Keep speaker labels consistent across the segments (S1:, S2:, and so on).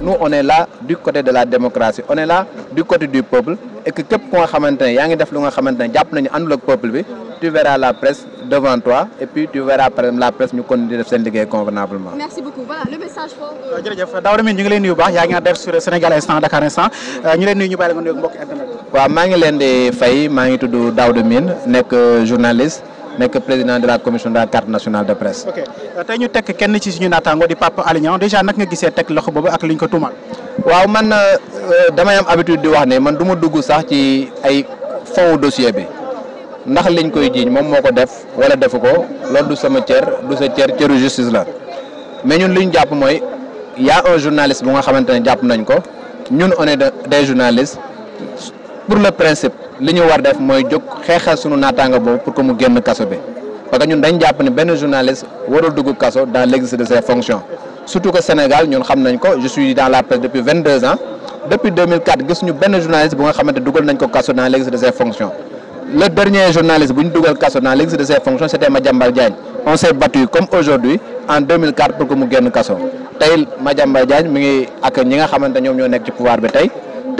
S1: nous on est là du côté de la démocratie on est là du côté du peuple et que képp ku nga xamante ne y a def lu nga xamante ne nañu peuple bi tu verras la presse
S2: devant toi et puis tu verras la presse nous conduire di def convenablement.
S3: merci beaucoup voilà le message
S2: fort. Euh, jërëjëf Daouda Mine ñu ngi leen nous sommes baax yaa Sénégal instant Dakar instant euh, ñu sommes nuyu ñu bàyyi la nga nuyu mbokk internet.
S1: waaw maa ngi leen di fay maa ngi je suis journaliste. nek président de la commission de la carte nationale de presse.
S2: ok euh, tay ñu tek kenn ci suñu natango di Pape Alé déjà nak nga gissé tek loxo bobu ak liñ ko tuumal. waaw man euh, euh, dama am habitude di wax né man
S1: duma dugg sax ci ay fond dossier bi ndax liñ koy jiñ mom moko def wala defu ko loolu du sama tier du sa tier tier justice la mais ñun liñ japp moy ya un journaliste bu nga xamantene japp nañ ko ñun on est des journalistes. pour le principe li ñu war def moy jóg xeexal suñu natanga boobu pour que mu génn kasso bi parce que ñun dañ japp ni journalistes journaliste warul dugg kasso dans l'exercice de ses fonctions surtout que Sénégal ñun xam nañ ko je suis dans la presse depuis 22 ans depuis 2004 nous ñu benn journaliste bu nga xamanté dugal nañ ko kasso dans l'exercice de ses fonctions. le dernier journaliste bu ñu dugal kasso dans l'exercice de ses fonctions c'était Madjambal Diagne on s'est battu comme aujourd'hui en 2004 pour que mu génn kasso tay Madjambal Diagne mi ngi ak ñi nga xamanté ñom ñoo nek ci pouvoir bi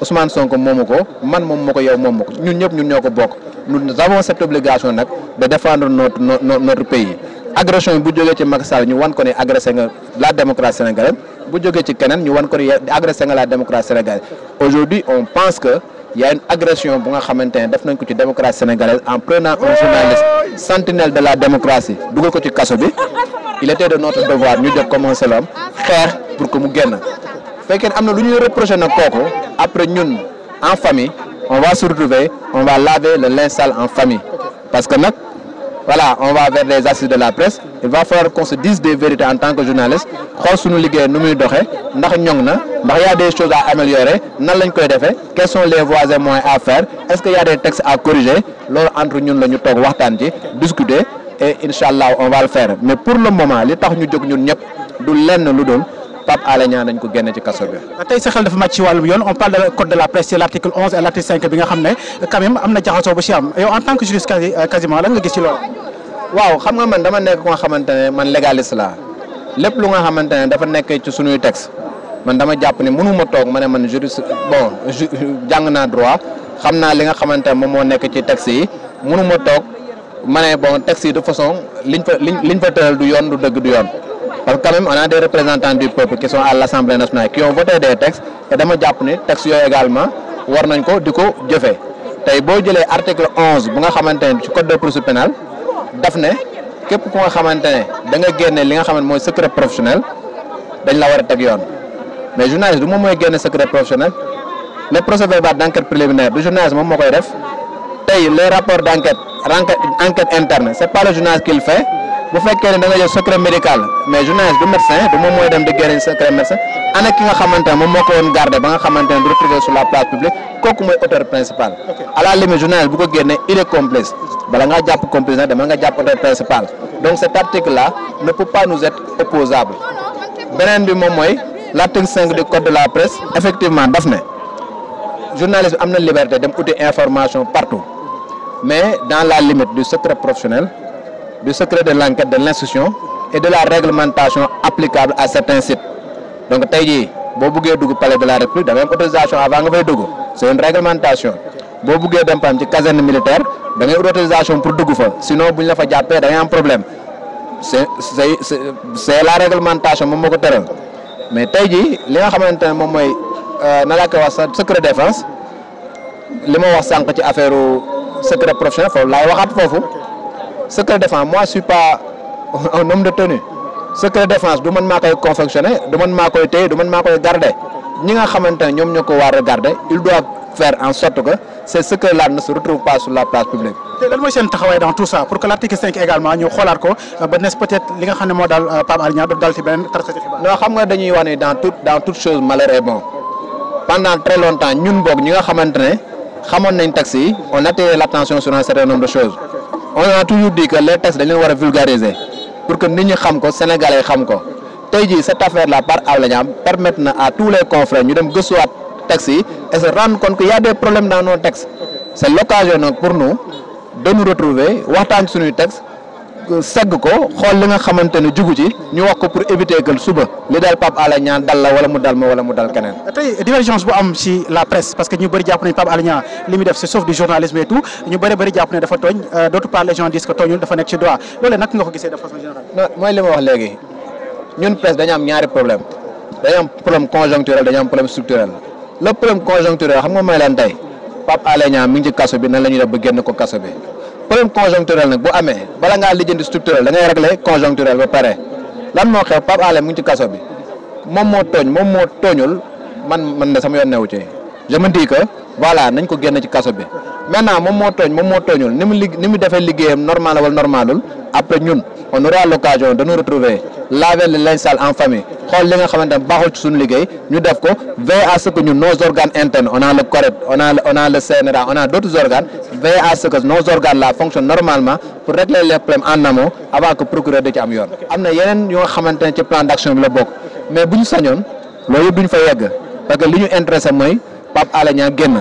S1: Ousmane Sonko momoko man moom moo yow moom ko ñun ñëpp ñun ñoko bok bokk nous avons cette obligation nak de défendre notre notre pays agression bu joggé ci Macky Sall ñu wan ko né agresser nga la démocratie sénégalaise bu joggé ci kenen ñu wan ko agresser nga la démocratie sénégalaise aujourd'hui on pense que y a une agression bu nga xamante ne def nañ ko ci démocratie sénégalaise en prenant un journaliste sentinelle de la démocratie dugal ko ci kasso bi il était de notre devoir ñu jóg commencer l'homme xeex pour que mu génn fait que nous na après nous, en famille on va se retrouver on va laver le linge sale en famille parce que nous, voilà on va vers les assises de la presse il va falloir qu'on se dise des vérités en tant que journaliste nous se dise nous muy sommes ndax il y a des choses à améliorer nan quelles sont les voies et moyens à faire est-ce qu'il y a des textes à corriger Lors entre nous, nous nous discuter et Inch'Allah on va le faire mais pour le moment les tax ñu nous ñun n'y du lenn pap Alé ñaan nañ ko genn ci kasso bi
S2: tay sa xel dafa match ci walu yoon on parle de code de la presse l'article 11 et l'article 5 bi nga xamné quand même amna jaxaso bu ci am yow en tant que juriste euh, quasiment la nga gis ci lool waaw xam nga man dama nek
S1: ko xamantene man légaliste la lepp lu nga xamantene dafa nek ci suñu texte man dama japp ni mënuma tok mané man juriste bon jang na droit xamna li nga xamantene mom mo nek ci texte yi mënuma tok mané bon texte yi de façon liñ fa liñ fa teural du yoon du deug du yoon parce que quand même on a des représentants du peuple qui à l'Assemblée nationale qui ont voté des textes te dama jàpp ni textes yooyu également war nañ ko di ko jëfee tey boo jëlee article onze bu nga xamante ne ci code de procédure pénale daf ne képp ku nga xamante ne da nga génne li nga xamante mooy secret professionnel dañ la war a teg yoon mais journaliste du moom mooy génne secret professionnel le procès verbal d' enquête préliminaire du journaliste moom moo koy def tey les rapports d' enquête enquête interne c' est pas le bu faites ne da nga jël secret médical mais journaliste de médecin du moom mooy dem di génne secret médecin ana ki nga xamante ne moom moo ko woon garder ba nga du sur la place publique kooku mooy auteur principal. à la limite journaliste bu ko génnee il est complice bala ngaa jàpp complice nag dama nga jàpp auteur principal donc cet article là ne peut pas nous être opposable beneen bi moom mooy l' 5 du code de la presse effectivement daf ne journaliste bi am liberté dem uti information partout mais dans la limite du secret professionnel du secret de l'enquête de l'instruction et de la réglementation applicable à certains sites donc si vous voulez parler palais de la république vous avez une autorisation avant de fay dugg c'est une réglementation vous voulez dem pam ci caserne militaire avez une autorisation pour dugg fa sinon vous n'avez fa jàppee problème c'est la réglementation mon moo mais tey vous li nga de ce moom euh, secret défense li ma wax sànq ci affaire secret professionnel secret défense moi je suis pas un homme de tenue secret défense du man maa confectionner du ne peux pas téye du man maa garder ñi nga xamante ne ñoom ñoo ko il doit faire en sorte que ces secrets-là ne se retrouvent pas sur la place publique.
S2: te lan mooy seen dans tout ça pour que l'article 5 également ñu xoolaat ko ba nes peut-être li nga xam ne moo euh, Pape Alé Niang daal ci beneen taskati xibaar. non xam nga dañuy wax dans toute dans chose
S1: malheur est bon pendant très longtemps ñun nous ñi nga xamante ne xamoon nañ taxi yi on attirait l'attention sur un certain nombre de choses. on a toujours dit que les textes dañ leen war a pour que nit ñi xam ko sénégalais xam ko tey jii cette affaire là par Aw la ñaam permettre na a tous les confrères ñu dem gëstuwaat textes yi et se rendre compte que y a des problèmes dans nos nag pour nous de retrouver waxtaan suñuy textes segg ko xool li nga xamante ne jugu ci ñu wax ko pour éviter que suba li dal Pape Alé Niang dal la wala mu dal ma wala
S2: mu dal keneen. Euh, divergence bu am ci la presse parce que ñu bëri jàpp nañ Pape Alé Niang li muy def c'est sauf du journalisme et tout ñu bëri bëri jàpp ne dafa tooñ euh, d'autre part les gens tooñul dafa nekk ci droit loolu nag nga ko gisee de façon générale. mooy li ma wax léegi ñun
S1: conjoncturel dañu am structurel le problème conjoncturel xam nga bi nan la ñuy def problème conjoncturel nag bu amee bala ngaa lijjanti structurel da ngay régler conjoncturel ba pare lan moo xew Pape Alé mu ngi ci kaso bi moom moo tooñ moom moo tooñul man man de sama yoon newu ci je me dis que voilà nous ko génn ci kaso bi maintenant moom moo tooñ moom nous, nous devons mu normal ni normal wala normalul après nous, on aura l'occasion de nous retrouver laver le de sale en famille xool li nga xamante ne baaxul ci suñu liggéey ñu def veiller à ce que nos organes internes on a le corps, on a le on a le cerveau, on a d'autres organes veiller à ce que nos organes là fonctionnent normalement pour régler les problèmes en amont avant que procureur de ci am yoon. am na yeneen yoo xamante ci plan d'action bi la bokk mais bu nous, sañoon loolu duñ fa yegg parce que li ñu intéressé Pape Alé Niang génn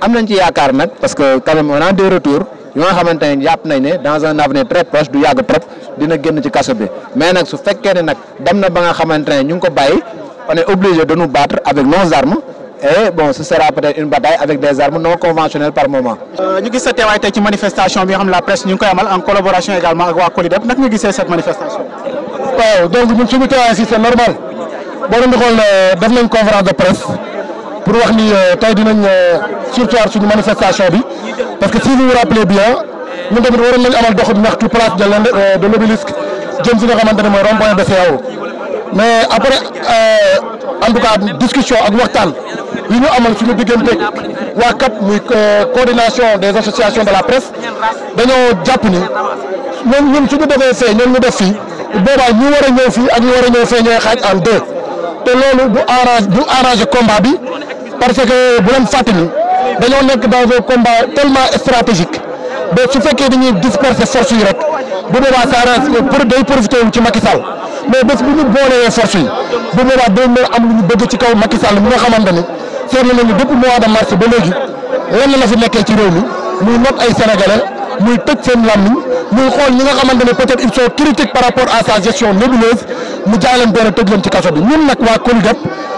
S1: am nañ ci yaakaar nag parce que quand même on a deux retours yoo nga xamante ne nañ dans un avenir très proche du yag trop dina génn ci kaso bi mais nak su fekké ne nak dem na ba nga xamante ñu ko bàyyi on est obligé de nous battre avec nos armes et bon ce sera peut-être une bataille avec des armes non conventionnelles par moment.
S2: Euh, ñu gis sa teewaay tey ci manifestation bi xam la presse ñu ngi en collaboration également avec waa Colideb nag nga cette
S3: manifestation. donc ñun suñu teewaay si c'est normal boo leen di xool euh, def nañ conférence de presse pour wax ni euh, tey dinañ euh, sursoir suñu manifestation bi parce que si vous vous rappelez bien nous tamit waroon nañu amal doxub ñaxtu place de euh, de l'Obélisque jëm si nga xamante ne mooy rond-point de BCEAO mais après en tout cas discussion ak waxtaan yi ñu amal suñu digganteeg waa CAP muy coordination des associations de la presse dañoo jàpp ni ñun ñun suñu defee fee ñoom ñu def fii boobaa ñu war a ñëw fii ak ñu war ñëw fee ñooy en deux te loolu du arrange du arrange combat bi. parce que bu leen fàttali dañoo nekk dans un combat tellement stratégique ba su fekkee dañuy disperser force yi rek bu boobaa ça reste pour day profité wu ci Macky Sall mais bés bu ñu boolee force bu boobaa day mën am lu ñu bëgg ci kaw Macky Sall mi nga xamante ni seetlu nañu depuis mois de mars ba léegi lenn la fi nekkee ci réew mi muy nopp ay sénégalais muy tëj seen làmmiñ muy xool ñi nga xamante ne peut-être ils sont critiques par rapport à sa gestion nébuleuse mu jaay leen benn tëj leen ci kaso bi ñun nag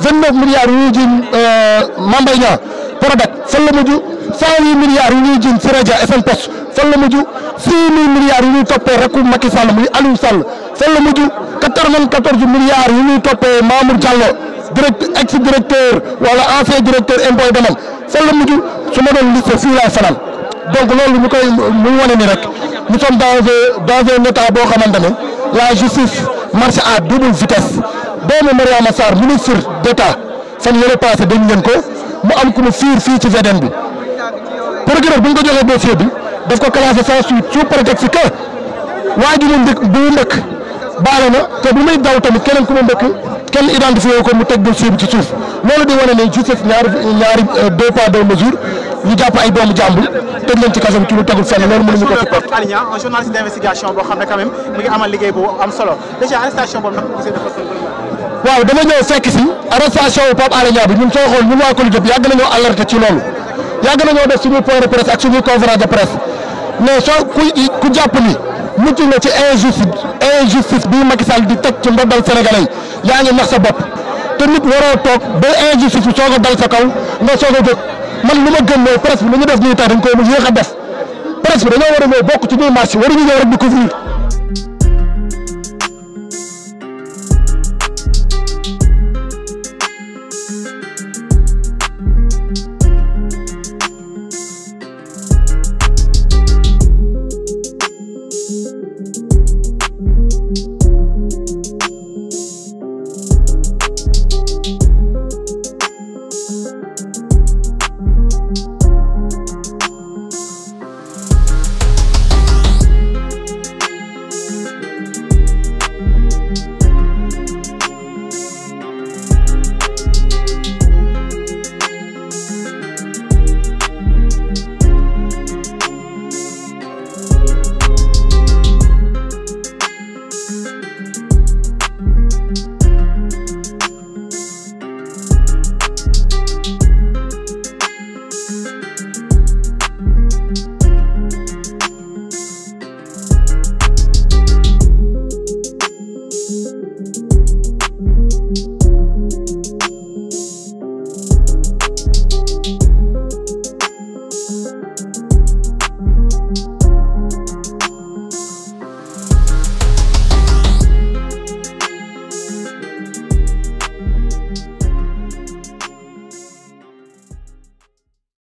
S3: 29 milliards yu ñuy jiiñ euh, Mame Mbaye Niang Prodac fan la mujj 108 milliards yu ñuy jiiñ Siré Dia SN Post fan la mujj 6000 milliards yu ñuy toppee rekku Macky Sall muy Aliou Sall fan la mujj 94 milliards yu ñuy toppee Mamour Diallo direct ex directeur wala ancien directeur impôt domaine fan la mujj su ma doon liste fii laay fanaan loolu ñu koy muy wane ni rek nous sommes dans un dans un état ne la justice marche à double vitesse. doomu Mariama Sarr ministre d'État fan yële passé dañ ngeen ko mu am ku mu fiir fii ci VDN bi procureur bu ñu joxee dossier bi daf ko classé sans suite sous prétexte que waa ji mu ndëkk bu mu ndëkk baale na te bu muy daw tamit keneen ku mu ndëkk kenn identifié ko mu teg dossier bi ci suuf loolu di wane ne justice ñaari ñaari euh, deux poids deux mesures ñu jàpp ay doomu jàmbur tëj leen ci kaso bi ci lu tegul fenn loolu mënuñu ko supporté.
S2: Alioune un ne mu ngi amal liggéey bu am solo
S3: waaw dama ñëw fekk si arrestation wu Pape Alé bi ñun soo xool ñun waa Koli Diop yàgg nañoo alerté ci loolu yàgg nañoo def suñuy point de presse ak suñuy conférence de presse mais soo ku ku jàpp ni mucc nga ci injustice injustice bii Macky Sall di teg ci ndoddal sénégalais yi yaa ngi nax sa bopp te nit waroo toog ba injustice bi soog a dal sa kaw nga soog a jóg man lu ma gën mooy presse bi lu ñu def nii tax dañ ko yéex a def presse bi dañoo war a ñëw bokk